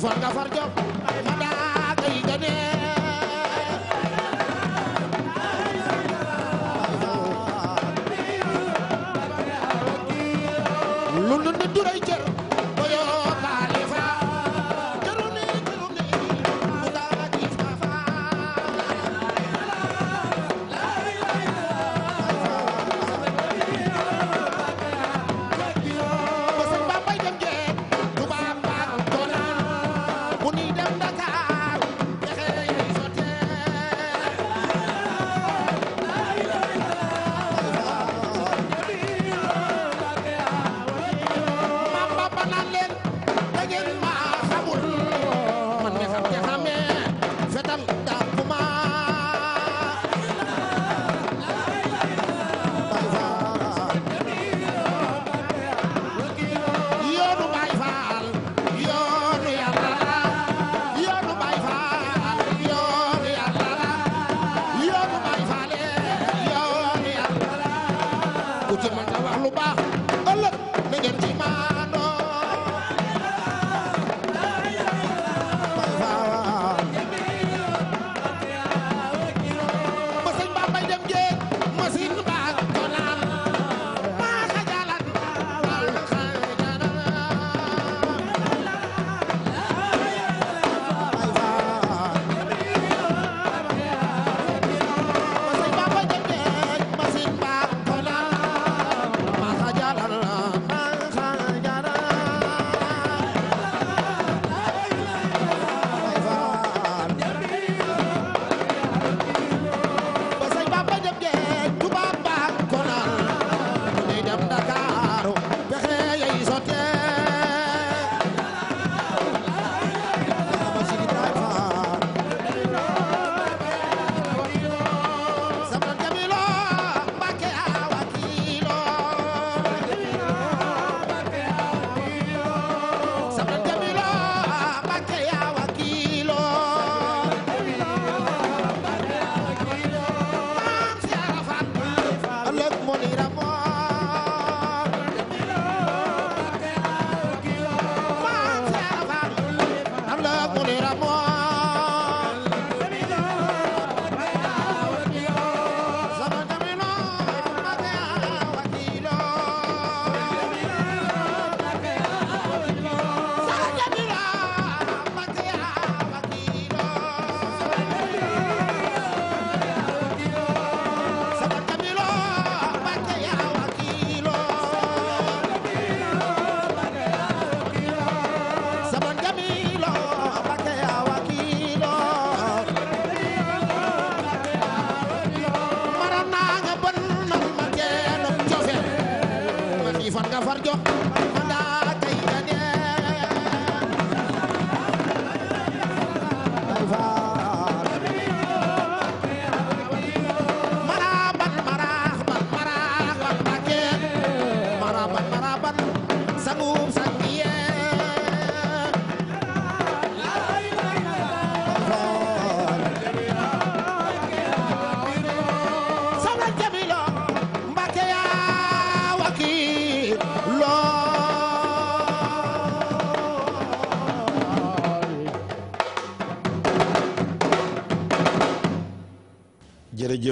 far nga far jóg ma daa koy gane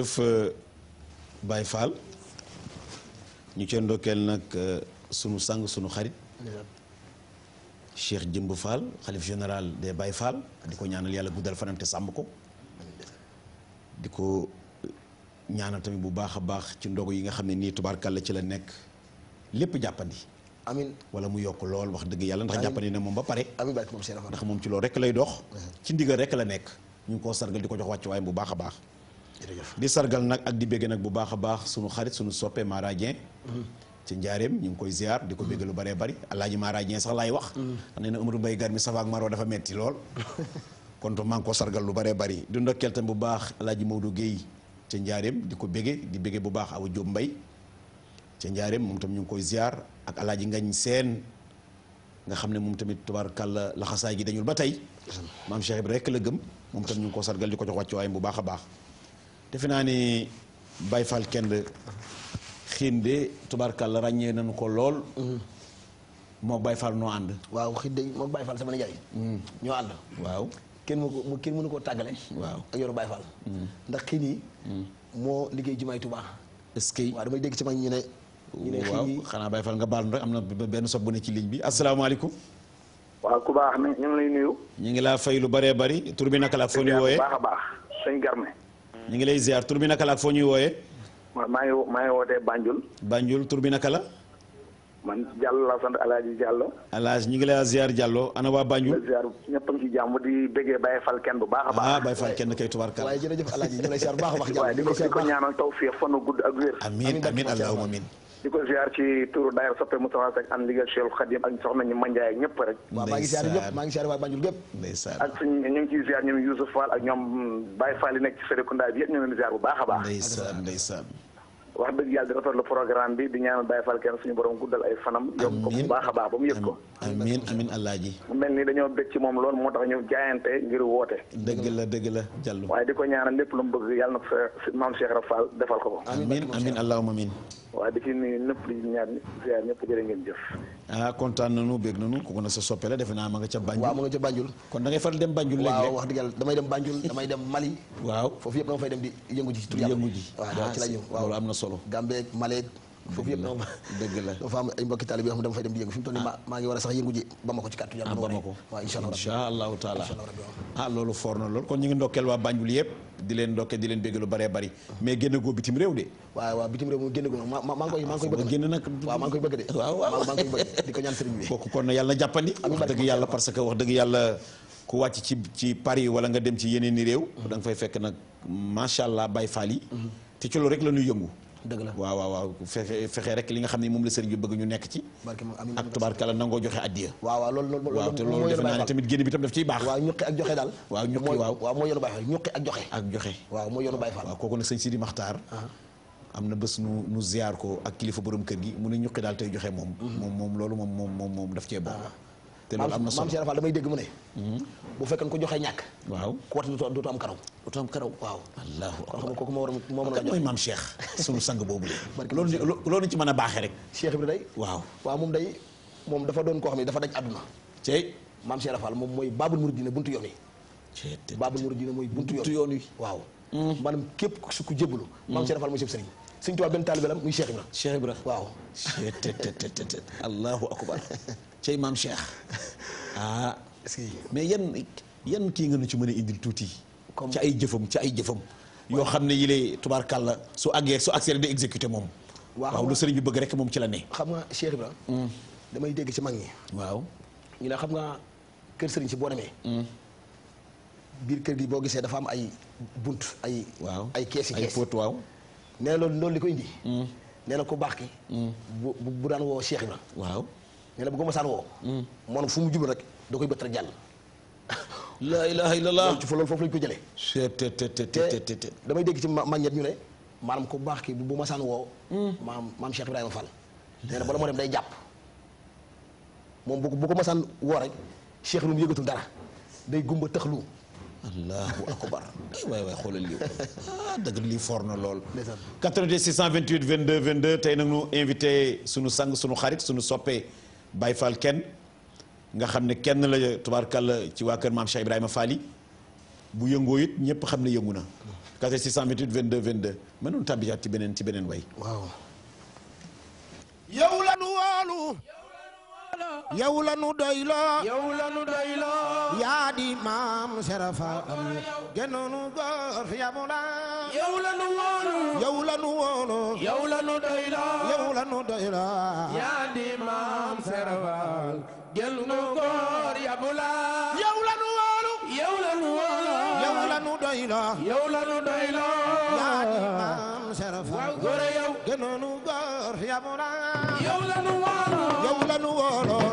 jëf euh, Baye Fall ñu ca ndokkeel nag euh, sunu sang sunu xarit Cheikh Jëmb Fall xalif général des Baye Fall di ko ñaanal yàlla guddal fanam te sàmm ko di ko ñaanal tamit bu baax a baax ci ndogu yi nga xam ne nii tubaarkàlla ci la nekk lépp jàppandi amin wala mu yokk lool wax dëgg yàlla ndax jàppandi ne moom ba pare ndax moom ci loolu rek lay dox uh-huh. ci ndigal rek la nekk ñu ngi koo sargal di ko jox wàccuwaayam bu baax a baax jërëjëf di sargal nag ak di bégg nag bu baax a baax sunu xarit sunu soppee Mara Dieng ci njaareem ñu ngi koy ziar di ko bégg lu bëree bari alaaji Mara Dieng sax laay wax xam ne na Amadou Mbaye gar mi safaak Maro dafa metti lool kon maa ngi ko sargal lu bëree bëri di ndokkeel tam bu baax alaaji Maodo Guèye ca njaareem di ko bége di bége bu baax Awa Diop Mbaye ca njaareem moom tam ñu ngi koy ziar ak alaaji Ngañ Seen nga xam ne moom tamit tubaarkàlla laxasaay gi dañul ba tey maam Cheikh Ibra rekk la gëm moom tam ñu ngi ko sargal di ko jox wàccuwaayam bu baax a baax defe naa ni Baye Fall Kende xiinde tubaarkàlla ràññee nañu ko lool. Mm-hmm. moo Baye Fall noo ànd. waaw xiinde moo Baye Fall sama nijaay. Mm. ñoo ànd. waaw kenn mu ko kenn mënu ko tàggale. waaw ak yoru Baye Fall. Mm. ndax xiin yi. Mm. moo liggéey jumaay Tuubaa. est-ce que damay dégg ci mag ñu ne. ñu ne xiin yi xanaa Baye Fall nga baal rek am na benn sob bu ne ci ligne bi asalaamaaleykum. waaw ku baax ñu ngi ñu ngi laa fay lu baree bari tur bi naka la. foo ñu wooyee baax Garme. ñu ngi lay ziar tur bi naka la ak foo ñuy wooyee. maa ngi maa ngi wootee Banjul. Banjul tur bi naka la. man Diallo laa sant El Hadj Diallo. El ñu ngi lay ziar Diallo ana waa Banjul. di ziar ñëpp a ngi ci jàmm di bëggee Baye Fall baax bu baax a baax. ah Baye Fall kenn kay tubaarkaal. waaye jërëjëf El Hadj ñu ngi lay ziar a baax a baax. di ko ñaanal tawfiix fan gudd ak wér. amiin amiin allahumma amiin. di ko ziar ci turu daayira soppe Moustapha Seck am ndigal Cheikh Khadim ak soxna ñu manjaay ñëpp rek waaw maa ngi ziar ñëpp maa ngi ziar ak suñ ñu ngi ciy ziar ñoom Youssouf Fall ak baax a baax ndeysaan wax dëgg yàlla di rafetlu programme bi di ñaanal Baye Fall kenn suñu borom guddal ay fanam yokk ko bu baax a baax ba mu yëg ko amin amin alaaji mu mel ni dañoo bëgg ci moom loolu moo tax ñu jaayante ngir woote dëgg la dëgg la jàllu waaye di ko ñaanal lépp lu mu bëgg yàlla na ko sa maam Cheikh Rafal defal ko ko amin amin allahumma waaw di ci nuyu ñëpp di ñaar ziar ñëpp jërë ngeen jëf. ah kontaan nañu bég nañu kooku na sa soppe la defe naa ma nga ca Banjul. waaw ma nga ca Banjul. kon da ngay faral dem Banjul léegi waaw wax dëgg yàlla damay dem Banjul damay dem Mali. waaw foofu yëpp dama fay dem di yëngu ji. ci tur yëngu ji waaw ci la ñëw ah, waaw loolu am na solo. Gambie Mali foofu yëpp noonu dëgg am ay mbokki taalibe xam dama fay dem di yëngu fi mu ah. maa ngi war a sax yëngu ji ba ma ko ci kàttu yàlla ah, ba ma ko waaw incha allahu taala ah loolu foor na loolu kon ñu ngi ndokkeel waa Banjul yëpp di leen ndokkee di leen bégg lu bëree bëri mais génn goo bitim réew de waaw bitim réew maa ngi koy bëgg de waaw maa ngi koy bëgg di ko ñaan sëriñ bi kooku kon yàlla na jàppandi wax dëgg yàlla parce que wax dëgg yàlla ku wàcc ci Paris wala nga dem ci yeneen i réew mm-hmm. da nga fay fekk nag macha allah bay faal yi mm-hmm. te ci loolu la ñuy yëngu dëgg la waaw waaw waaw fexe fexe rek li nga xam ne moom la sëriñ bi bëgg ñu nekk ci ak tubaarkala nangoo joxe addiya waaw waaw loolu te loolu defe naa ne tamit génn bi tam daf ciy baax waaw ñuqi ak joxe daal waaw ñuqi waaw waaw mooy yoonu Baye Fall joxe ak joxe waaw mooy yoonu Baye Fall waaw kooku nag sëñ Sidi Maxtaar am na bés nu nu ziar ko ak kilifa borom kër gi mu a ñuqi daal tey joxe moom mhm. moom moom loolu moom moom moom moom daf cee bokk te am na solo maam Cheikh Fall damay dégg mu ne. Mm-hmm. bu fekkoon ko joxe ñàkk. waaw ku wat dootu am karaw. dootu am karaw waaw. wallaahu kon xam nga kooku moo waroon moo mën a jox a baaxee rek. Cheikh Ibra day. moom day moom dafa doon koo xam ne dafa daj àdduna. tey maam Cheikh Fall moom mooy Baabul Muridina buntu yoon yi. tey Baabul Muridina mooy buntu yoon yoon yi waaw. Mm-hmm. maanaam képp su ku jébbalu. maam Cheikh Fall mooy sëb sëriñ. sëñ Tuubaa benn taalibe la muy Cheikh Ibra. Cheikh Ibra waaw. allahu akbar cey maam Cheikh ah. mais yan yan kii nga nu ci mën a indil tuuti. ci ay jëfam ci ay jëfam. yoo xam ne yii tubaar yile la su àggee su accéléré di exécuté moom. waaw lu sëriñ bi bëgg rek moom ci la ne. xam nga Cheikh la hmm. damay dégg ci mag ñi. waaw ñu ne xam nga kër sëriñ si boo demee. Hmm. biir kër gi boo gisee dafa am ay bunt ay. waaw ay kees yi nee na loolu loolu li ko indi. Hmm. nee na ku baax ki. bu bu daan woo Cheikh la waaw. ne bu ko masaan woo. moom fu mu jublu rek da koy bëtt rek jàll. la ilaha illallah ci fa loolu foofu lañ ko jëlee. te damay dégg ci ma ñett ñu ne maanaam ku baax ki bu masaan woo. Hmm. maam maam Cheikh Ibrahima Fall. nee na bala moo dem day jàpp. moom bu ko bu ko masaan woo rek Cheikh lu mu yëgatul dara day gumba tëxlu. allahu akbar waay waay xoolal lii ah dëgg lii for na lool. 88 628 22 22 tey nag ñu invité suñu sang suñu xarit suñu soppee Baye Fall kenn nga xam ne kenn la tubaarkàlla ci waa kër maam Cheikh Ibrahima Fall yi bu yëngoo it ñëpp xam ne yëngu na. 4 628 22 22 mënoon tàbbijaat ci beneen ci beneen way waaw. yow la nu wóolu. yow la nu doyloo yow la nu doyloo yaa di maam serafa am gënoonu góor yamula yow la nu wóolu yow la nu wóolu yow la nu doyloo yow la nu doyloo yaa di maam serafa gënoonu góor yamula yow la nu wóolu yow la nu wóolu yow la nu doyloo yow la nu doyloo yaa di maam serafa góor yow gënoonu góor yamula la nu wóoloo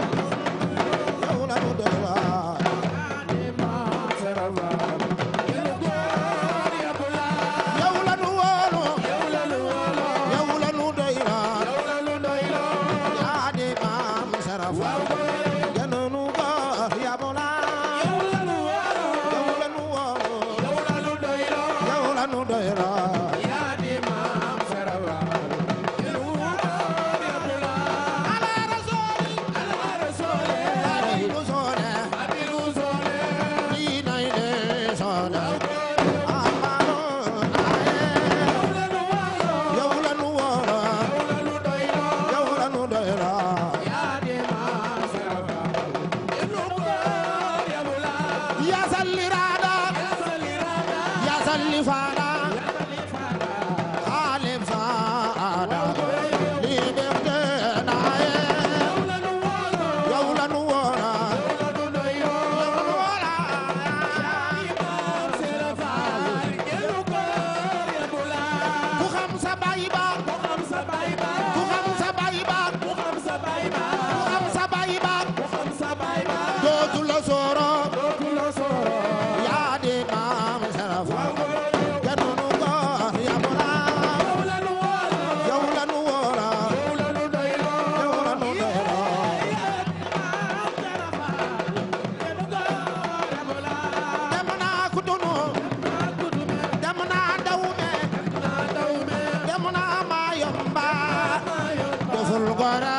Guará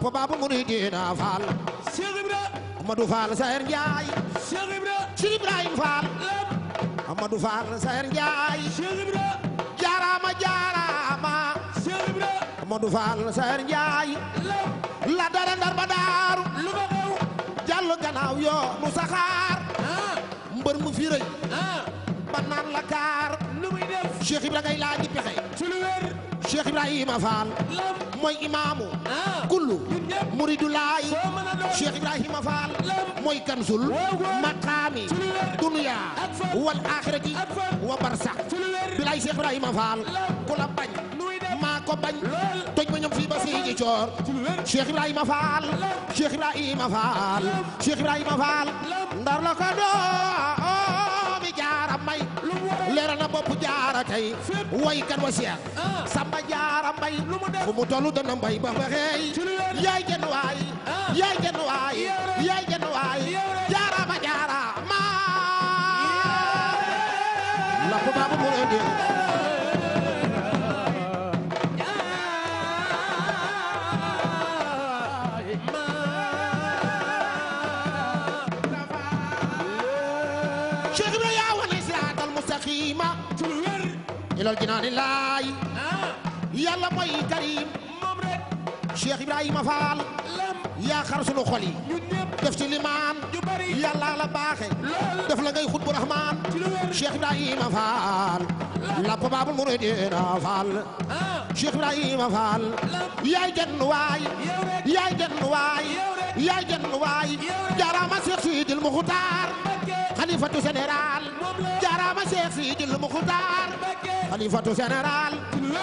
lamp baabu muridina Fall. Cheikh Ibra. Amadou Fall Saer Ndiaye. Cheikh Ibra. Cheikh Ibrahim Fall. Amadou Fall Saer Ndiaye. Cheikh Ibra. jaaraama jaaraama. Cheikh Ibra. Amadou Fall Saer Ndiaye. la dara ndar ba daaru. lu ma xew. jàll gannaaw yoo mu saxaar. Ah. mbër mu fi rëy. Ah. ba naan la kaar. lu muy def. Cheikh Ibra ngay laa ji pexe. ci lu wér. Cheikh Ibrahima Fall mooy imaamu ah. kullu muridulaay Cheikh Ibrahima Fall mooy kansul maqaami dunya wal axirati wa barsax bilaay Cheikh Ibrahima Fall ku la bañ maa ko bañ toj ma ñoom fii ba Sédhi Dior Cheikh Ibrahima Fall Cheikh Ibrahima Fall Cheikh Ibrahima Fall ndar la ko doon may leeral na bopp jaara tey woykat ah. samba jaara fu mu tollu dana ba ba xeey ah. yaay genn waay yaay genn dal jinaani laay yàlla mooy karim moom rek Cheikh Ibrahima Fall yaa xar sunu xol yi def ci limaan yàlla la baaxe def la ngay xut bu rahmaan Cheikh Ibrahima Fall la ko baabul muridiina Fall ah. Cheikh Ibrahima Fall yaay jenn waay yaay jenn waay yaay jenn waay jaaraama Cheikh Sidil Muxtaar xalifatu général jaaraama Cheikh Sidi Lu Muxtaar xalifatu général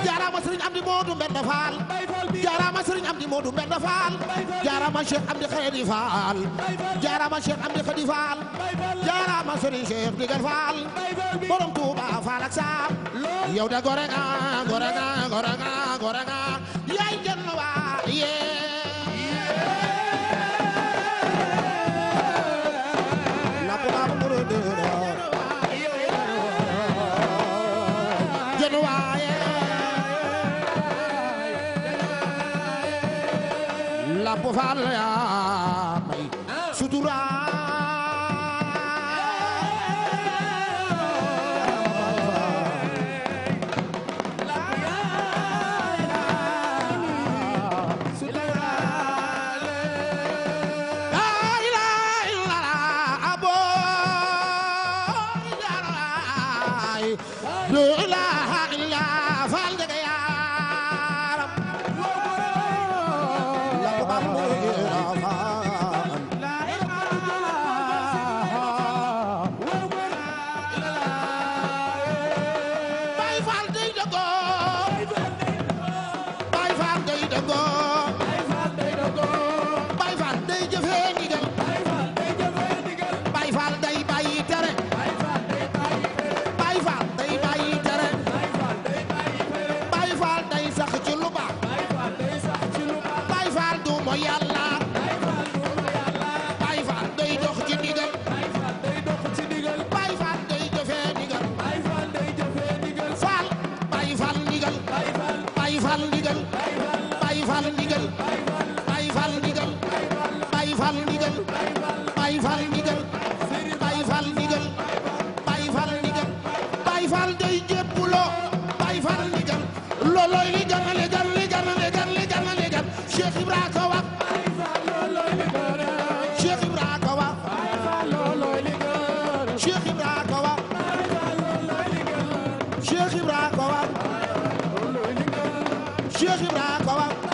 jaaraama Serigne Amdi Modou Mbenda Fall jaaraama Serigne Amdi Modou Mbenda Fall jaaraama Cheikh Amdi Khady Fall jaaraama Cheikh Amdi Khady Fall jaaraama Serigne Cheikh Ndigal Fall borom Touba Fall ak Sam yow da gore nga gore nga gore nga gore nga yaay jënn waa yee faal ya Cheikh Ibrahima ko wax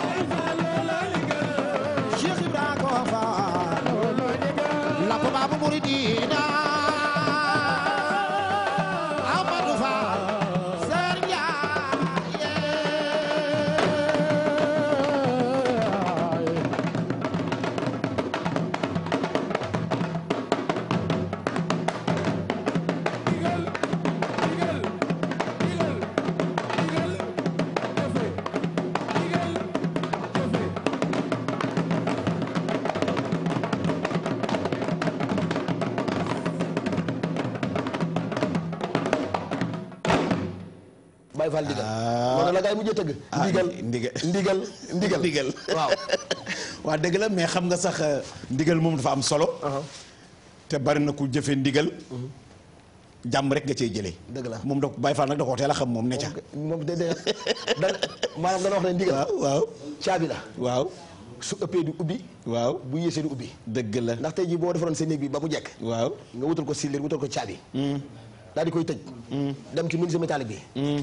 ndigal ndigal ndigal ndigal ndigal waaw waa dëgg la mais xam nga sax euh, ndigal moom dafa am solo uh-huh. te bari na ku jëfe ndigal uh-huh. jàmm rek nga cee jëlee. dëgg la moom da Baye Fall nag da koo teel a xam moom ne ca. moom déedéet da maanaam wax ne ndigal. waaw la. waaw su ëppee du ubbi. waaw bu yéesee du ubbi. dëgg la ndax tey jii boo defaroon sa néeg bi ba mu jekk. waaw nga wutal ko sillir wutal ko caabi. Mm. daal di koy tëj. Mm. dem ci menuisier métallique bi. Mm.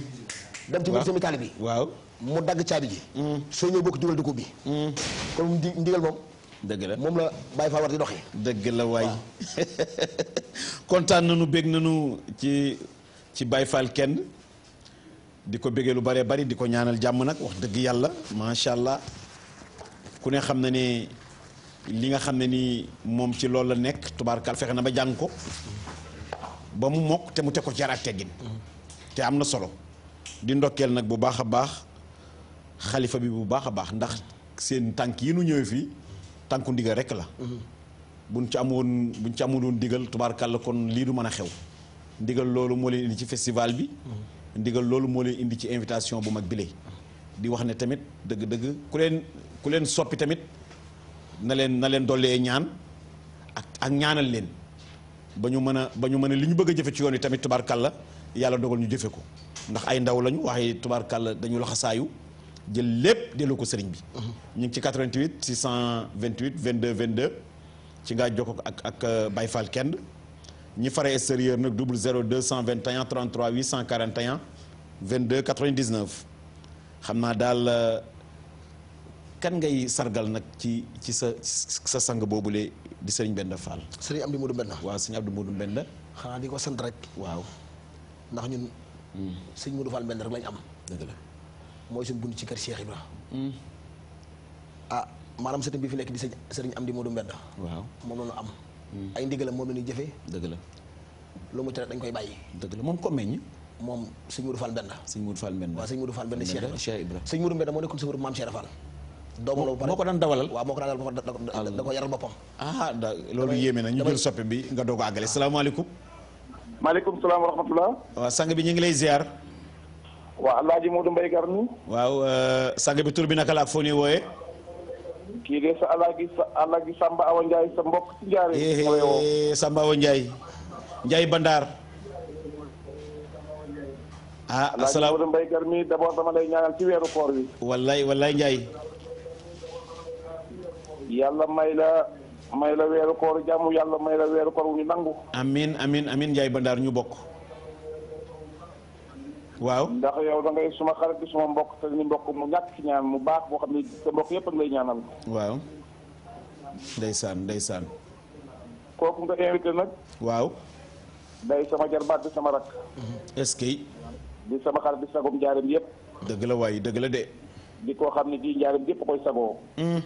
dem ci menuisier métallique bi. waaw. mu dagg caabi ji. Mm. soo ñëw bokk jugal dugub bi. Mm. kon mu ndigal moom. dëgg la moom la Baye Fall war di dox dëgg la na nu nañu bég nañu ci ci Baye Fall kenn di ko bégee lu bare bari di ko ñaanal jàmm nag wax dëgg yàlla macha allah ku ne xam na ne li nga xam ne nii moom ci loolu la nekk tubaarkaal fexe na ba jàng ko ba mu mokk te mu teg ko ci yar ak teggin mm. te am na solo di ndokkeel nag bu baax a baax. xalifa bi bu baax a baax ndax seen tànk yi nu ñëwee fii tànku ndigal rek la. Mhm. buñ ci amoon buñ ci amoon ndigal tubaarkàlla kon lii du mën a xew. ndigal loolu moo leen indi ci festival bi. Mhm. ndigal loolu moo leen indi ci invitation bu mag bile. di wax ne tamit dëgg-dëgg ku leen ku leen soppi tamit na leen na leen dollee ñaan ak ak ñaanal leen ba ñu mën a ba ñu mën li ñu bëgg a jëfe ci yoon yi tamit tubaarkàlla yàlla dogal ñu jëfe ko ndax ay ndaw lañu waaye tubaarkàlla dañu laxasaayu jël lépp delu ko sëriñ bi. ñu ngi ci 88 628 22 deux ci ngaa jokkoo ak ak euh, Baye Fall kenn ñi fare extérieur nag double 0 221 33 841 22 99 xam naa daal euh, kan ngay sargal nag ci ci sa sa sang boobule di sëriñ Benda Fall. sëriñ Abdou Modou Benda. waaw sëriñ Abdou Modou Benda. xanaa di ko sent rek. waaw ndax ñun. Mm. sëriñ Modou Fall Benda rek lañ am. mooy suñu bunt ci kër Cheikh Ibra hmm. ah maanaam sëriñ bi fi nekk di sëñ sëriñ am di Modou Mbedd waaw moom la ñu am hmm. ay ndigalam moom la ñuy jëfee dëgg la lu mu te dañ koy bàyyi dëgg la moom ko moom sëñ Modou Fall Mbedd sëñ Modou Fall Mbedd waaw sëñ Modou Fall Mbedd Cheikh Ibra sëñ Modou Mbedd moo nekkoon sëñ Maam Cheikh Fall moo ko daan dawalal waa moo ko daan dawalal da ko yaral boppam ah, loolu yéeme na ñu jël soppe bi nga doog a àggale salaamaaleykum maaleykum salaam wa rahmatullah waaw sang bi ñu ngi lay ziar waaw El Hadj Modou Mbaye Garmi. waaw euh, sànq bi tur bi naka la ak foo ñuy wooyee. kii de sa alaaji sa alaaji Samba Awa Ndiaye sa mbokk ci jaaree. Eh, mooy eh, Samba Awa Ndiaye. Ndiaye Bandar. ah asalaam Modou Mbaye Garmi d'abord dama lay ñaanal ci weeru koor wi. wallaay wallaay Ndiaye. yàlla may la may la weeru koor jàmm yàlla may la weeru koor wu ñu nangu. amin amin amin Ndiaye ñu bokk. waaw ndax yow da ngay suma xarit bi suma mbokk te ni mbokk mu ñàkk ci ñaan mu baax boo xam ne sa mbokk yëpp ak lay ñaanal. waaw. ndeysaan kooku nga invité waaw. sama jarbaat bi sama rak. Mm-hmm. est-ce que. di sama xarit bi sagum njaarim yëpp. dëgg la waaye dëgg la de. di koo xam ne kii njaarim yépp koy sagoo. Mm.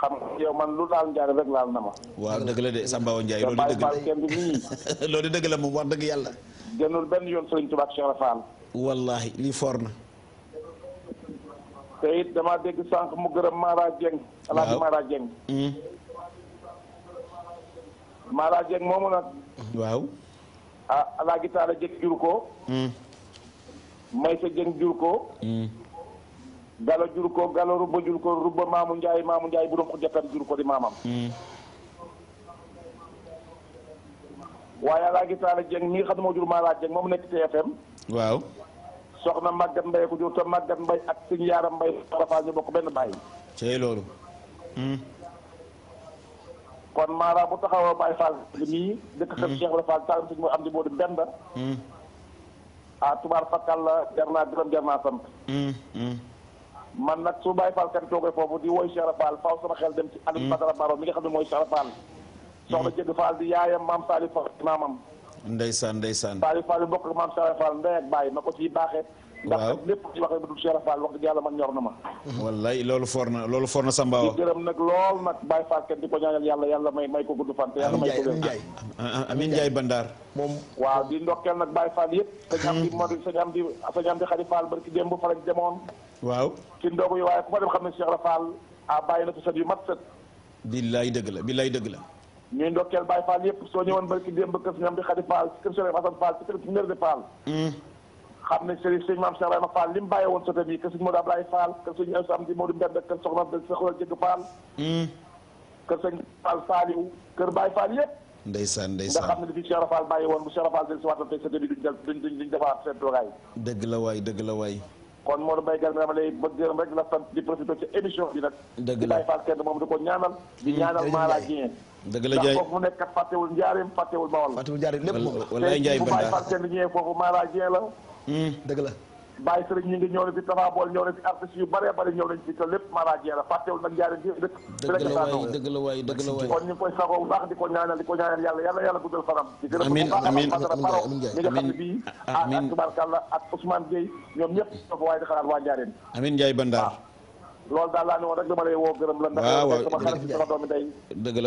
xam yow man lu daal Ndiaye rek laal na ma. waaw dëgg la de Samba Ndiaye loolu dëgg dëgg la moom wax dëgg yàlla. gënul benn yoon Sëriñ Tuubaa ak Cheikh Ibra wallahi lii foor na te damaa dégg sànq mu gërëm Mara Dieng alaaji Mara Dieng hmm. Mara Dieng moomu nag waaw ah alaaji Taala Dieng jur ko hmm. Maysa Dieng jur ko hmm. galo jur ko galo rubba jur ko rubba maamu Njaay maamu Njaay bu doom xujjatam jur ko di maamam waaye Alaaji Taala Jeng mi nga xam ne moo jur Mara Jeng moom nekk TFM. waaw. soxna Maguette Mbaye ko jur te Maguette Mbaye ak suñu yaaram Mbaye Arafa ñu benn bàyyi. cey loolu. Hmm. kon Mara bu taxawoo Baye am di moo benn. ah tubaar fakkal la jar naa gërëm jar naa sant. Hmm, hmm. man nag su Baye Fall kan toogee foofu di woy Cheikh Rafa faaw sama xel dem ci Alioune Badara Baro mi nga xam ne mooy Cheikh Rafa soxna jëgg Fall di yaayam maam Saliou Fall di maamam. ndeysaan ndeysaan. Saliou Fall bokk ak maam Saliou Fall ndey ak bàyyi ma ko ciy baaxee. waaw ndax lépp ci waxee bu dul Cheikh Fall wax dëgg yàlla man ñor na ma. wallaay loolu for na loolu for na Samba wa. di gërëm nag lool nag Baye Fall kenn di ko ñaanal yàlla yàlla may may ko gudd fan. te yàlla may ko gudd fan Amin Ndiaye ah, ah, Bandar. moom waaw di ndokkeel nag Baye Fall yëpp. Hmm. sëñ am di Modou sëñ am di sëñ am di Khady Fall barki démb fa lañ demoon. waaw ci ndogu yi waaye ku fa dem xam ne Cheikh Fall ah bàyyi na ko sët yu mat sët. billaay dëgg la billaay dëgg la. ñuy ndokkeel Baye Fall yëpp soo ñëwoon barki démb kër si ñoom di Xadi Fall ci kër Serigne Assane Fall ci kër si Nerdi Fall hmm. xam ne Serigne Serigne Mame Cheikh Ibrahima Fall li mu bàyyi woon sota bi kër Serigne Modou Ablaye Fall kër Serigne Assou Amdi Modou Mbedd kër Soxna Soxna Jëgg Fall hmm. kër Serigne Fall Saliou kër Baye Fall yëpp ndeysaan ndeysaan nga xam ne li fi Cheikh Rafal bàyyi woon bu Cheikh Rafal del si waxtaan tey sota bi duñ duñ duñ duñ defaat seen toogaay dëgg la waay dëgg la waay kon Modou Mbaye Guèye dama lay bëgg gërëm rek la sant di profité ci émission bi nag dëgg la Baye Fall kenn moom di ko ñaanal di hmm, ñaanal Mara Dieng dëgg la Ndiaye foofu mu nekk fàttewul njaarim fàttewul bawal. fàttewul njaarim lépp moom la wallaay Ndiaye Banda tey bu Baye Fall kenn ñëwee foofu Mara Dieng la. dëgg la. Baye Serigne ñi ngi ñëw na fi Tafa Bool ñëw na fi artistes yu bëree bëri ñëw nañ fi te lépp Mara Dieng la fàttewul nag njaarim bi dëkk. dëgg la waay dëgg la waay dëgg la waay. kon ñu ngi koy sagoo bu baax di ko ñaanal di ko ñaanal yàlla yàlla yàlla guddal faram. amiin amiin amiin amiin amiin amiin loolu daal laa ne woon rek dama lay woo gërëm la. waaw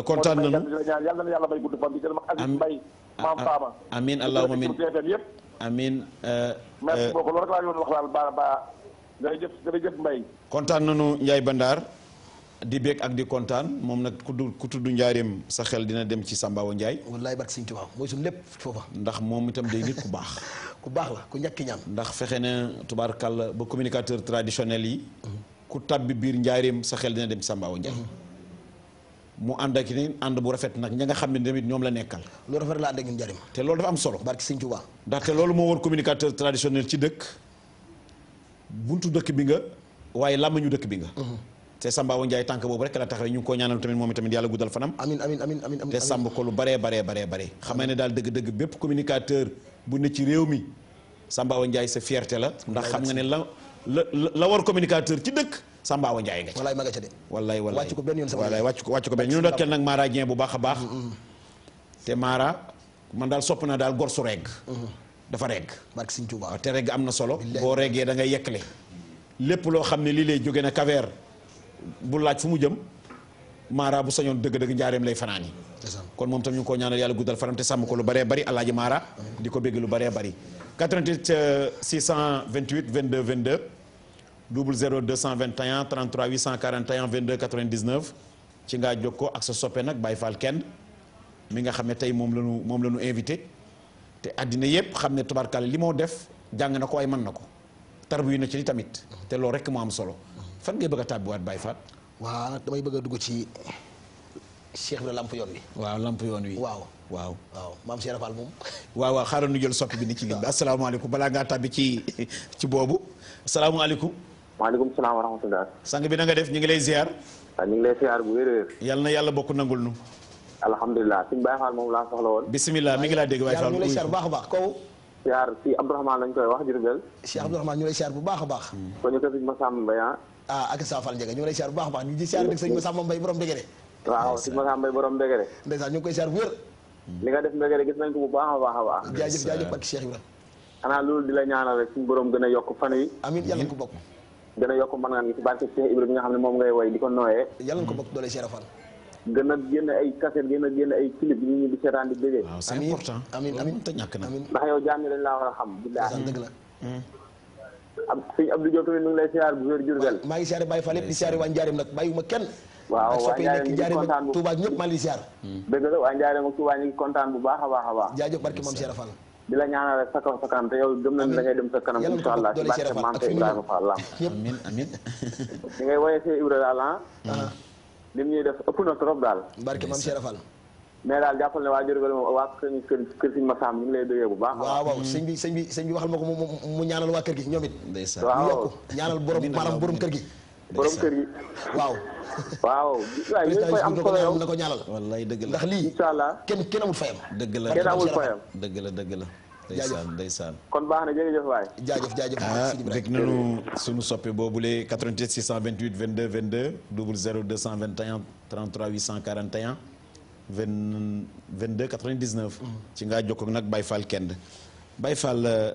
kontaan nañu yàlla na yàlla may gudd fan bi gërëm ak Aziz Mbaye maam Fama. ba ba jërëjëf jërëjëf Mbaye. kontaan nañu di beeg ak di kontaan moom nag ku du ku tudd njaareem sa xel dina dem ci Sambaawa Ndiaye. wallaay barke Sëñ Tuubaa mooy lépp foofa. ndax moom itam day nit ku baax. ku baax la ku ñàkk ñaan. ndax fexe na tubaarkàlla ba communicateur traditionnel yi. Mhm. ku tàbbi biir njaareem sa xel dina dem Samba Awa Ndiaye mu ànd ak ni ànd bu rafet nag ña nga xam ne tamit ñoom la nekkal loolu rafet laa ànd ak ñun njaareem te loolu am solo barki Sëñ Tuubaa ndaxte loolu moo war communicateur traditionnel ci dëkk buntu dëkk bi nga waaye làmmiñu dëkk bi nga mhm. te Samba Awa Ndiaye tànk boobu rek la tax taxawee ñu ngi koo ñaanal tamit moom tamit yàlla guddal fanam amin amin amin amin te sàmb ko lu baree baree baree bare xamee ne daal dëgg-dëgg bépp communicateur bu ne ci réew mi Samba Awa Ndiaye sa fierté la ndax xam nga ne la la la war communicateur ci dëkk Samba Awa Ndiaye nga ci. wallaay ca de. wallaay wallaay wàcc ko benn yoon sama wàcc ko wàcc ko benn ñu ndokkeel nag Mara Dieng bu baax a baax. Mm-hmm. Mm-hmm. te Mara man daal sopp naa daal gorsu su mm-hmm. dafa regg. barke Sëñ Tuubaa te regg am na solo. boo reggee da ngay le lépp loo xam ne lii lay jóge na kaveer bu laaj fu mu jëm Mara bu sañoon dëgg-dëgg njaareem lay fanaan yi kon moom tam ñu ngi koo ñaanal yàlla guddal fanam te sàmm ko lu baree bari alaaji Mara di ko bégg lu baree bari 88 628 22 22 00 221 33 841 22 99 ci ngaa jokkoo ak sa soppe nag Baye Fall kenn mi nga xam ne tey moom la ñu moom la ñu invité te àddina yépp xam ne tubarkalla li moo def jàng na ko ay man na ko tarbu na ci li tamit te loolu rekk moo am solo fan ngay bëgg a tàbbiwaat Baye Fall. damay bëgg dugg ci. Cheikh Ibrahima lamp yoon wi. waaw lamp yoon wi. waaw waaw. waaw maam Cheikh Rafal moom. waaw waaw xaaral nu jël soppi bi ni ci ligne bi asalaamaaleykum balaa ngaa tàbbi ci ci boobu asalaamaaleykum. maaleykum salaam wa rahmatulah. sang bi na nga def ñu ngi lay ziar. waaw ñu ngi lay ziar bu wér wér. yal na yàlla bokk nangul nu. alhamdulilah suñu Baye Fall moom laa soxla woon. bisimilah mi ngi laa dégg Baye Fall. ñu bu baax a baax kaw. si Abdourahmane lañ koy wax Diourbel. Cheikh Abdourahmane ñu lay ziar bu baax a baax. kon ñu ko fi ah. Ah, bu baax a baax ñu ngi ziar nag waaw si ma sàmbay borom mbégere ndeysaan ñu ngi koy siyaar bu wér li nga def mbégere ko bu baax a baax a baax jaajëf jaajëf ak xanaa loolu di la ñaanal rek suñu borom gën a yokk fan yi amiin ko bokk gën yokk mën ngaan gi ci nga xam ne moom ngay way di ko nooyee ko bokk doole Cheikh Rafal gën a génn ay cassette gën a génn ay clip yi di seetaan di bégee waaw c'est important amiin amiin te ñàkk na ndax yow jaam laa war a xam bi am suñu Abdou Diop tamit ñu ngi lay siyaar bu wér Diourbel maa ngi siyaare Baye Fall yëpp di siyaare waa Njaareem nag bàyyiwuma kenn waaw waa Njaareem ñu ngi kontaan bu Touba ñëpp maa ngi siyaar mm. dëgg la waa Njaareem ak Touba ñu kontaan bu baax a baax a baax jaajëf barke maam Cheikh Fall di la ñaanal rek sa kaw sa kanam te yow gëm nañ da ngay dem sa kanam incha barke maam Cheikh Ibrahima ah. Ah. ëpp na trop daal barke maam Cheikh Fall mais daal jàppal ne waa Diourbel moom waa kër kër sëñ Massam bu baax. waaw waaw sëñ bi sëñ bi sëñ bi waxal ma ko mu ñaanal waa kër gi ñoom it. ndeysaan waaw yokk ñaanal borom maanaam borom kër gi. borom kër gi. waaw. waaw. waaw yéen koy am na ko ñaanal. wallaay dëgg la ndax lii. incha allah kenn kenn amul fayam. dëgg la kenn amul fayam. dëgg la dëgg la. jaajëf ndeysaan kon baax na jërëjëf waay. jaajëf jaajëf. ah rek nañu sunu soppe boobule 88 628 22 22 00 221 33 841. vingt vingt deux quatre vingt dix mm. ci ngaa jokkoo nag Baye Fall Kend Baye Fall euh,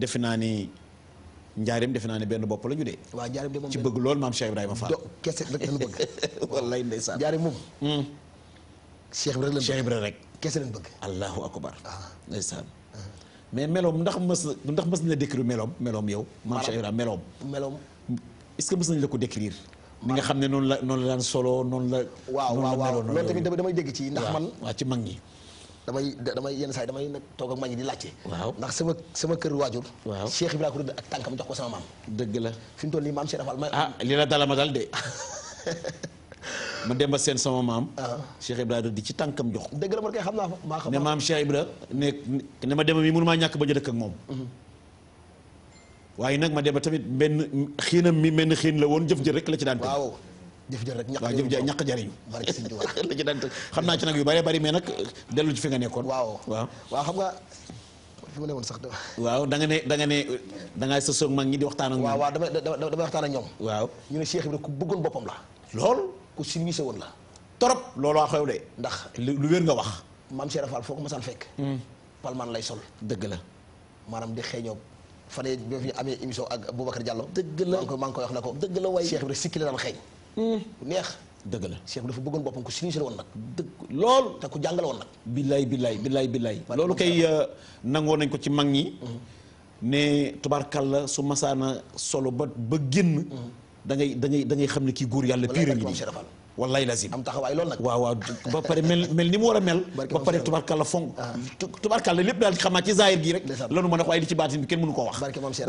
defe naa ni njaareem defe naa ni benn bopp la ñu de. waaw njaareem de moom ci bëgg lool maam Cheikh Ibrahima Fall. do kese rek la ñu bëgg. wallaay ndeysaan njaareem moom. Mm. Cheikh Ibrahima rek Cheikh Ibrahima rek. kese lañ bëgg. allahu akbar. Ah. ndeysaan. Ah. mais meloom ndax mës ndax mës na décrire meloom meloom yow. maam Cheikh Ibrahima meloom. meloom est-ce que mës nañ la ko décrire. ni nga xam ne noonu la noonu la daan solo noonu la. waaw waaw waaw loolu tamit damay dégg ci ndax man waaw ci mag ñi. damay damay yenn saa yi damay nag toog ak mag di laajte. waaw ndax sama sama kër waajur. waaw Cheikh Ibrahima ko rëdd ak tànkam jox dëgg la fi mu toll nii maam Cheikh Rafal ma. ah li la dalama dal de. ma dem ba seen sama maam. Ah. Cheikh Ibra di ci tànkam jox dëgg la man a xam naa fa maa xam ne maam Cheikh Ibra ne ma dem mi mënu maa ñàkk ba jëdëkk ak moom. Mhm. waaye nag ma dem tamit benn xiinam mi benn xiin la woon jëf jër rek la ci daan teg waaw jëf jër rek waaw jëf jër ñàkk jëriñ la ci daan xam naa ci nag yu bare bari me nag dellu ci fi nga nekkoon waaw waaw waaw xam nga fi ne woon sax waaw da nga ne da nga ne da ngaa sa soog mag ñi di waxtaan ak ñoom waaw waaw damay damay waaw ñu ne Cheikh Ibra ku bëggoon boppam la lool ku silmisé woon la torop looloo xew de ndax lu wér nga wax maam Cheikh Fall foo ko masaan fekk hmm. palmaan lay sol dëgg la maanaam di xeeñoo fan yii bi ñu amee émission ak Boubacar Diallo. dëgg la maa ngi koy wax na ko. dëgg la waay Cheikh bi rek sikki hmm. dëgg la Cheikh dafa bëggoon boppam ku sinistre woon nag. dëgg lool te ku jàngale woon nag. billaay billaay billaay billaay. loolu kay euh, nangoo nañ ko ci mag ñi. Hmm. ne la su masaana solo ba ba génn. Hmm. da ngay da ngay da xam ne kii góor yàlla pire ngi wallaay lazim am taxawaay loolu nag waaw waaw ba pare mel ni mu war a mel ba pare tubarkalla fonk ah. tubarkalla lépp daal xamaa ci zahir gi rek lanu mën a waaye li ci baatin bi kenn mënu koo wax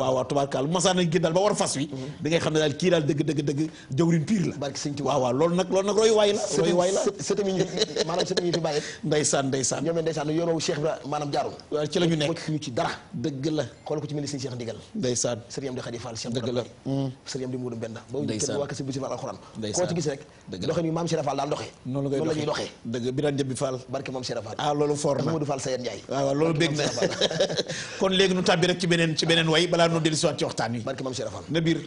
waaw waaw tubarkalla masaan nañ gén daal ba war fas wi mhm. da xam ne daal kii daal dëgg dëgg dëgg jawrin piir la waaw waaw loolu nag loolu nag royu la royu la sëtam fi bàyyi ndeysaan ndeysaan ñoom ndeysaan yoonu Cheikh Ibra maanaam ci la nekk askan yu maam Cheikh Fall daal doxee noonu la ñuy doxee dëgg Birane Ndiaby Fall barke maam Cheikh Fall ah loolu for na Mamadou Fall Seyane Ndiaye waaw loolu bég na kon léegi nu tàbbi rek ci beneen ci beneen way balaa nu dellu siwaat ci waxtaan wi barke maam Cheikh Fall na biir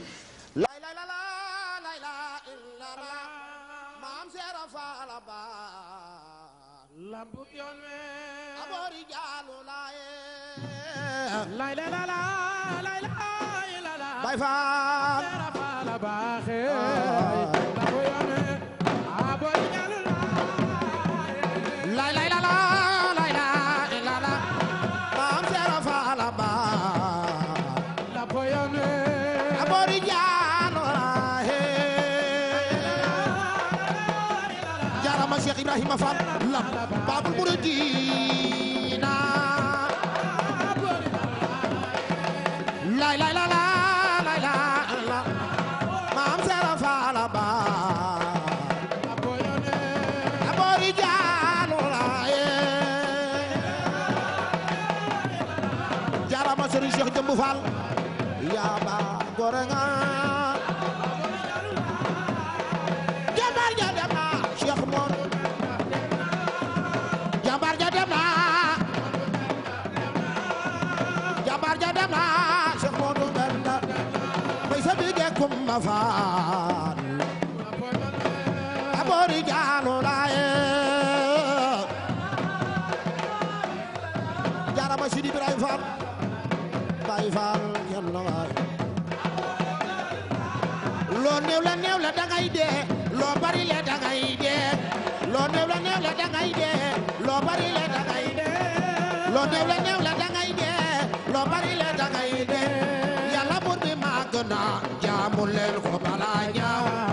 Baay Faal na faal aboori jaanu laaye jaarama Sidi Ibrahima Fall Baay Fall kenn na waay loo néew la néew la dangay dee loo bari la dangay dee loo néew la néew la dangay dee loo bari la dangay dee loo néew la néew la dangay dee loo bari la dangay dee naa jaamu leen ko balaa ñaaw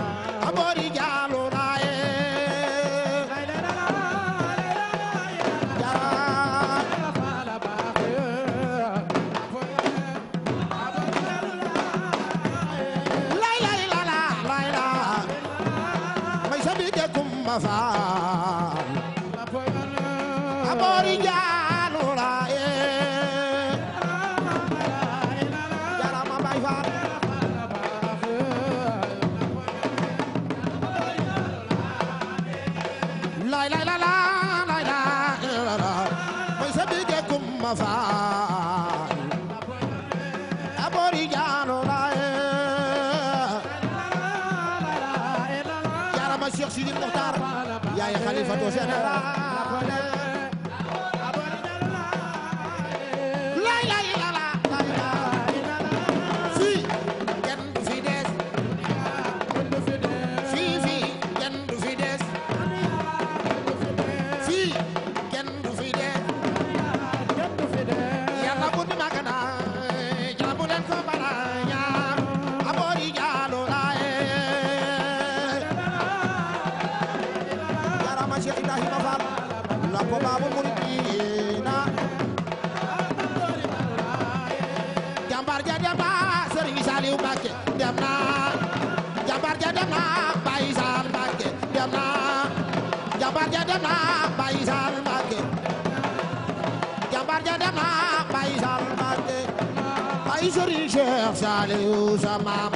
Saliou sama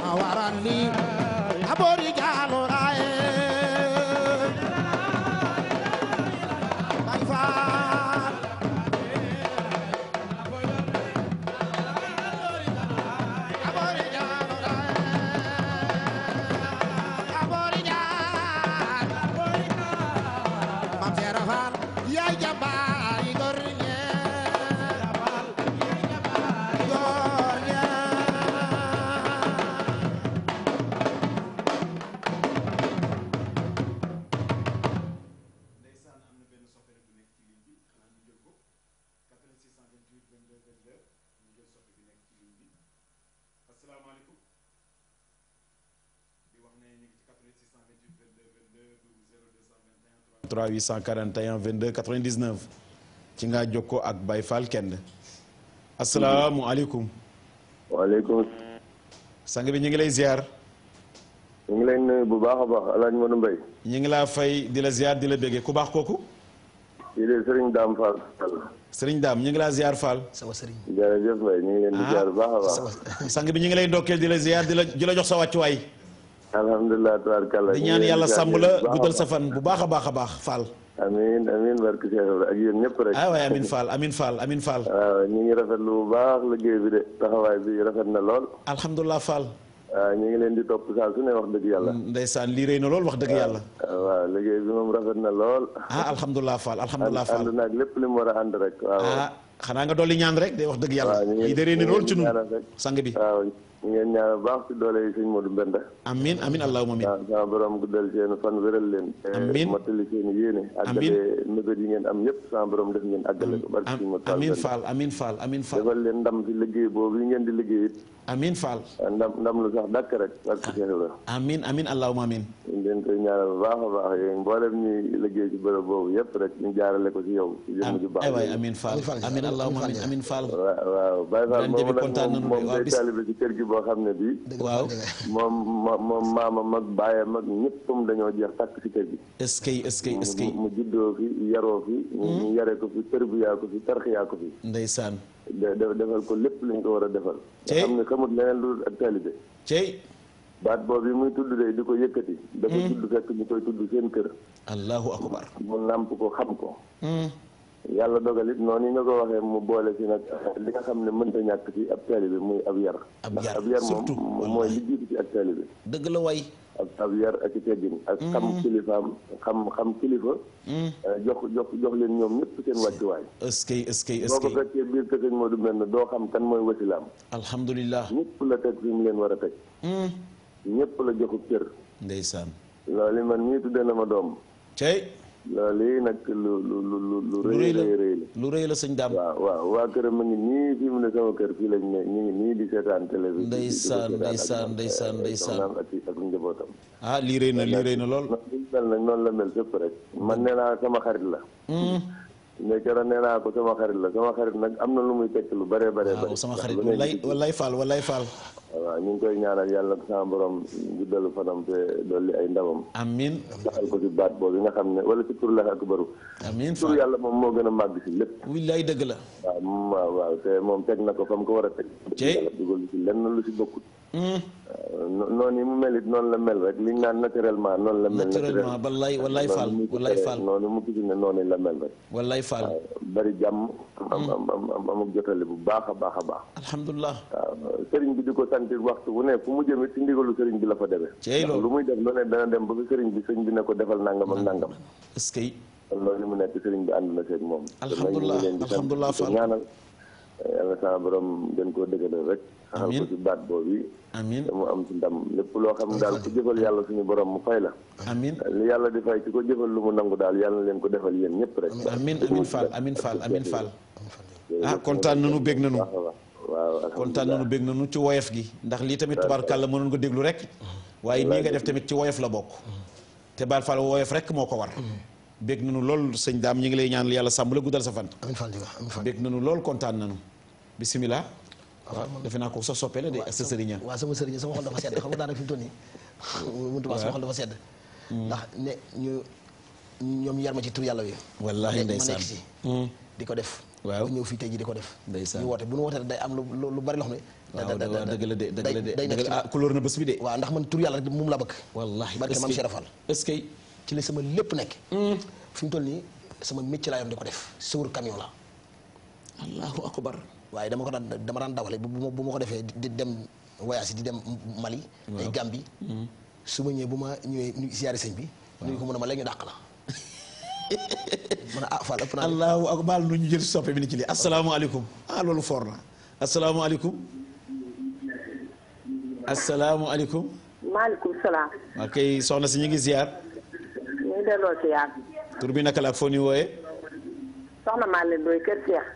asalaamaaleykum di wax ne ñu ngi ci 88 628 22 22 02 ak Baye Fall Kende asalaamaaleykum. waaleykum. sang bi ñu ngi lay ziar. ñu ngi lay nuyu bu baax a baax El Hadj Modou Mbaye. ñu ngi laa fay di la ziar di la béggee ku baax kooku. kii de Serigne Dame Fall. sëriñ daam ñu ngi laa ziar Fall. sama sëriñ ñu ngi leen di ah, ziar bu bi ñu ngi lay ndokkeel di la ziar di la di la jox sa wàccuwaay. alhamdulilah tabaarkalla di ñaan yàlla sàmm la guddal sa fan bu baax a baax a baax Fall. amin amin barke Cheikh ak yéen ñëpp rek. ah waay amin Fall amin Fall amin Fall. waaw ñu ngi rafetlu bu baax liggéey bi de taxawaay bi rafet na lool. alhamdulilah Fall. waaw ñu ngi leen di topp saa su ne wax dëgg yàlla. Mm, ndeysaan lii rëy na lool wax dëgg yàlla. waaw liggéey bi moom rafet na lool. ah alhamdulilah Fall alhamdulilah Fall ànd naag lépp li mu war a ànd rek. waaw ah xanaa nga dolli ñaan rek de wax dëgg yàlla. lii de rëy na lool ci ñun sang bi waaw ñu ngeen ñaan baax ci doole yi sëñ Modou Mbenda. amiin amiin allahumma amiin. waaw sama borom guddal seen fan wéral leen. amiin eh, mottali seen yéene. amiin àggale mébét yi ngeen am yëpp sama borom def defal leen ndam ci liggéey boobu yi ngeen di liggéey amin Fall. ndam ndam lu sax dàkk rek. amin amin allahumma amin. ñu leen koy liggéey ci bërëb boobu yëpp rek ñu jaarale ko ci yow. ay waay amin Fall amin allahumma amin amin Fall. waaw waaw Baye Fall moom nag gi boo xam ne bii. waaw moom moom maama mag bàyyi mag ñëppam dañoo jeex takk ci kër gi. est-ce que est-ce que est-ce que mu juddoo fi yaroo fi. ñu hmm? yaree ko fi tërbiyaa ko fi tarxiyaa ko fi. ndeysaan. defal ko lépp luñ ko war a defal. nga xam ne xamut leneen lu ak taalibe. cey. baat boobu yi muy tudd de di ko yëkkati. dafa hmm. tudd fekk ñu koy tudd seen kër. allahu akbar. mu nàmp ko xam ko. Hmm. yàlla dogal it noonu yi nga ko waxee mu boole si nag li nga xam ne mënta ñàkk ci ab taalibe muy ab yar. ab yar surtout ndax moom mooy li jiitu ci ab taalibe. dëgg la way. ak ak yar ak i teggin ak xam mm-hmm. kilifaam xam xam kilifa mm-hmm. euh, jox jox jox leen ñoom ñëpp seen wàccuwaay est-ce que est-ce que est-ce doo xam kan mooy wasilaam alhamdulilah ñëpp la teg fi mu leen war a teg mm-hmm. ñëpp la joxu cër ndeysaan loolu man ñii tuddee na ma doom cey lii nag lu lu lu lu rëy la lu rëy la sëñ Dame waaw waaw ma ngi nii fi mu ne sama kër fii lañ ne di seetaan télé bi ndeysaan ndeysaan eh, ndeysaan ndeysaan ak njabootam ah lii rëy na lii rëy na lool mel nag noonu la sëpp rek man nee naa sama xarit la mais hmm. keroog nee naa ko sama xarit la sama xarit nag am na lu muy lu bare bëree ah, bëri oh, sama xarit wallaay wallaay Fall waaw ñu ngi koy ñaanal yàlla sama borom guddalu fanam te dolli ay ndamam. amiin saxal ko ci baat boobu nga xam ne wala ci tur la ak baru. amiin tur yàlla moom moo gën a màgg si lépp. wilaay dëgg la. waaw waaw waaw te moom teg na ko fa mu war a teg. tey dugal ci lu si bokkut. noonu yi mu mel it noonu la mel rek li ñu naan naturellement la mel. naturellement wallaay wallaay Fall wallaay Fall noonu mu gis ne noonu la mel rek. wallaay Fall bari jàmm. am am am am jotale bu baax a baax a baax. alhamdulilah sentir waxtu wu ne fu mu jëmit ci ndigalu sëriñ bi la fa demee. cey loolu muy def lu ne dana dem ba sëriñ bi sëriñ bi ne ko defal nangam ak nangam. loolu mu nekk sëriñ bi ànd na seeg moom. alhamdulilah alhamdulilah yàlla loo xam daal ku jëfal yàlla suñu borom mu fay la. yàlla di fay ci ko jëfal lu mu nangu daal yàlla na leen ko defal yéen ñëpp rek. amiin amiin Fall amiin ah kontaan nañu bég nañu. waaw kontaan nañu bég nañu ci woyof gi ndax lii tamit tubaarkàlla mënoon nga déglu rek waaye nii def tamit ci woyof la bokk te baal fal woyof rek moo ko war bég nañu lool sëñ daam ñu ngi lay ñaanal yàlla sàmm la guddal sa fan bég nañu lool kontaan nañu bisimilah waaw defe naa ko sa soppe la de ak sa sëriña waaw sama sëriña sama xol dafa sedd xam nga daanaka fi mu toll nii mun tubaab sama xol dafa sedd mm. ndax ne ñu ñoom yar ma ci tur yàlla wi wallaahi ndeysaan ma nekk mm. di ko def waaw ñëw fii tey ji di ko def ñu woote bu ñu wootee day am lu lu bari loo xam ne dëgg la de dëgg la de dëgg la ah couleur na bés bi de waaw ndax man tur yàlla rek moom laa bëgg wallaahi barke maam Cheikh Fall lépp nekk hmm. fi mu toll nii sama métier laa yor di ko def sëwur camion la allahu akbar waaye dama ko daan dama daan dawale bu ma ko defee di dem voyage di dem Mali ay Gambie hmm. su ma ñëwee bu ma ñëwee ziyaare sëñ bi nuyu ko mu ne ma léegi ñu dàq la mun a ah Fall ëpp naa allahu akbar lu ñu jël soppe bi ni ci lii asalaamaaleykum ah loolu foor na asalaamaaleykum asalaamaaleykum maaleykum salaam ok soxna si ñu ngi ziar ñu ngi delloo ziar tur bi naka la ak foo ñu wooyee soxna maa leen doy kër Cheikh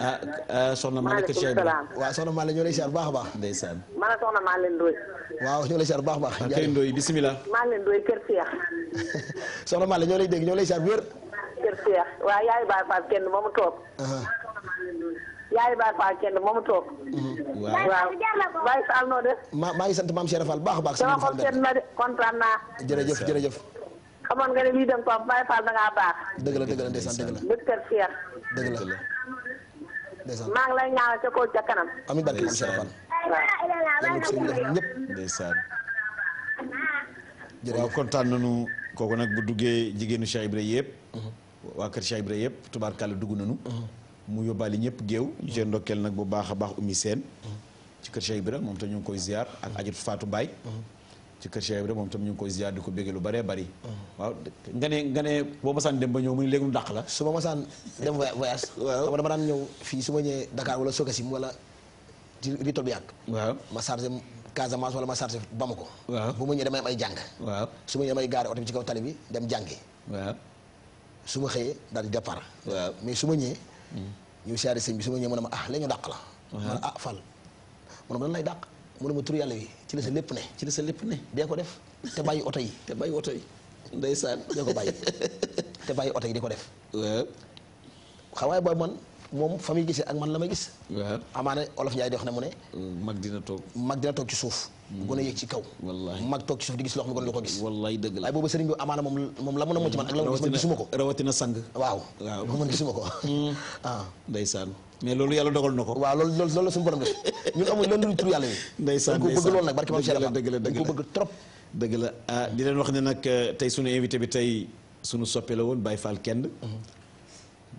Ah, ah soxna Malick Cheikh waaw soxna Malick ñoo lay siyaar bu baax a baax ndeysaan man a soxna maa leen doy waaw ñoo lay siyaar bu baax a baax kay ndoy bismillah maa ñoo lay dégg ñoo lay siyaar bu wér kër Cheikh waaw yaay Baay Faal kenn moomu toog yaay Baay Faal kenn moomu toog waaw Baay Faal noo def maa maa ngi sant maam Cheikh baax a baax sama xol sedd na de kontaan naa jërëjëf jërëjëf xamoon nga ne lii dem ko Baay Faal da baax dëgg la dëgg maa ngi lay ñaanal ca kaw ca kanam. amiin barke incha allah. ndeysaan waaw kontaan nañu kooku nag bu duggee jigéenu Cheikh Ibra yëpp. Uh-huh. waa kër Cheikh Ibra yëpp tubaarkàlla dugg nañu. Uh-huh. mu yóbbaale ñëpp géew. ñu uh-huh. cee ndokkeel nag bu baax a baax ummi seen. ci kër Cheikh Ibra moom te ñu koy ziar ak ajut Fatou Mbaye. ci kër Cheikh Ibrahima moom tam ñu ngi koy ziar di ko béggee lu bëree bëri. waaw nga ne nga ne boo masaan dem ba ñëw mu ne léegi mu dàq la. su ma masaan dem voyage. waaw dama daan ñëw fii su ma ñëwee Dakar wala Sococim wala ci Ritol bi yàgg. ma chargé Casamance ma chargé Bamako. ma ñëwee damay am ay jàng. waaw su ma ñëwee damay gaare oto bi ci kaw tali bi dem jàngi. waaw su ma xëyee daal di départ. waaw mais su ma ñëwee. Hmm. ñu siyaare sëñ bi su ma ñëwee mu ne ma ah léegi ñu la. mu ne ma tur yàlla wi ci la sa lépp ne. ci la sa lépp ne. dee ko def te bàyyi oto yi. te bàyyi oto yi ndeysaan. dee ko bàyyi te bàyyi oto yi ko def. waaw. xawaay boobu man moom fa muy gisee ak man la may gis. waaw amaana olof Ndiaye di wax ne mu ne. mag dina toog mag dina toog ci suuf. Mm. gën yëg ci kaw. wallaay mag toog ci suuf di gis loo xam ne gën la ko gis. wallaay dëgg boobu sëriñ bi amaana moom la mën a mën ci man ak la ma gis man gisuma ko. rawatina sang. waaw waaw man gisuma ko mm. ah. ndeysaan mais loolu yàlla dogal na ko waaw loolu loolu loolu la suñu borom def ñun amul lenn luñ tur yàlla yi ndeysaan ko bëgg loolu la dëgg ko bëgg trop dëgg la ah, di leen wax ne nag eh, tey suñu invité bi tey suñu soppee la woon bay Fall Kend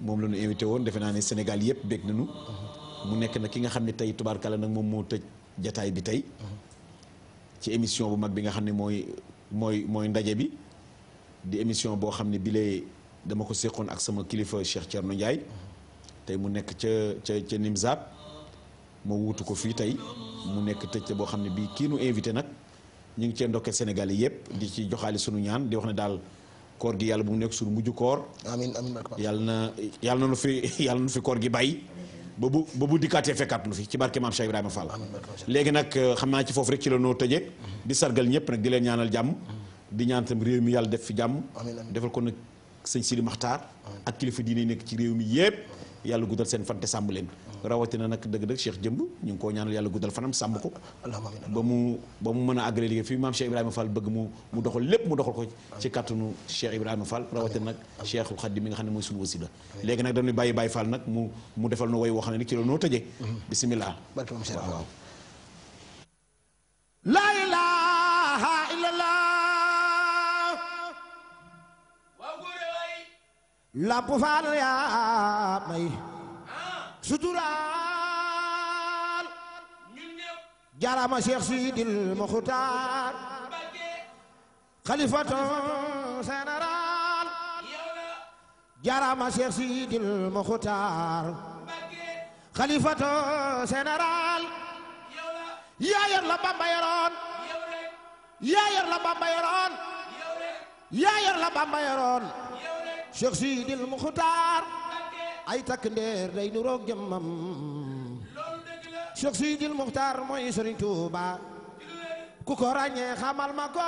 moom la ñu invité woon defe naa ne Sénégal yëpp bég nañu mu nekk nag ki nga xam ne tey tubaarkala nag moom moo tëj jataay bi tey ci émission bu mag bi nga xam ne mooy mooy mooy ndaje bi di émission boo xam ne bilee dama ko séqoon ak sama kilifa Cheikh nu njaay tey mu nekk ca ca ca Nimzaat ma wuutu ko fii tey mu nekk tëj la boo xam ne bii kii nu invité nag ñu ngi cee ndokkee Sénégal yi yëpp di ci joxaale sunu ñaan di wax ne daal koor gi yàlla bu mu nekk sunu mujj koor. amiin amiin yàlla na yàlla na nu fi yàlla nu fi koor gi bàyyi. ba bu ba bu dikkaatee fekkaat nu fi ci barke maam Cheikh Ibrahima Fall. léegi nag euh, xam naa ci foofu rek ci la noo tëje di sargal ñëpp nag di leen ñaanal jàmm. di ñaan tam réew mi yàlla def fi jàmm. defal ko nag sëñ Sidi ak kilifa diine nekk ci réew mi yëpp. yàlla guddal seen fante sàmm leen rawatina nag dëgg-dëgg Cheikh Jëmb ñu ngi koo ñaanal yàlla guddal fanam sàmm ko ba mu ba mu mën a àggale liggéey fii maam Cheikh Ibrahima Fall bëgg mu mu doxal lépp mu doxal ko ci kàttanu Cheikh Ibrahima Fall rawatina nag Cheikhul Khadim mi nga xam ne mooy sunu wasila léegi nag dañuy bàyyi Baye Fall nag mu mu defal nu way woo xam ne ni ci la noo tëjee bisimilah lampu faal yaa may suturaal jarama Cheikh Sidil Muxtaar Muxtaar xalifatu général yaa yor la Bamba yoroon yaa yor la Bamba yoroon Cheikh Sidil Muxtaar ay takk ndeer day nu roog jëmmam Cheikh Sidil Muxtaar mooy Sëriñ Tuuba ku ko ràññee xamal ma ko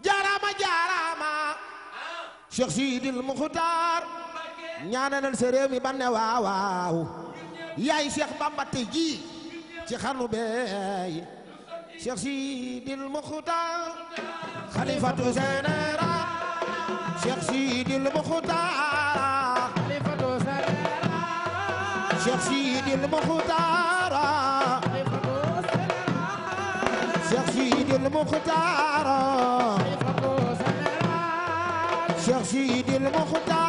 jaaraama jaaraama Cheikh Sidil Muxtaar ñaanal sa réew mi ba ne Bamba tey jii ci xarnu beey Cheikh Sidil Muxtaar xalifatu général Cheikh Sidil Muxtaar xalifatu senera Cheikh Sidil Muxtaar xalifatu senera Cheikh Sidil Muxtaar xalifatu senera Cheikh Sidil Muxtaar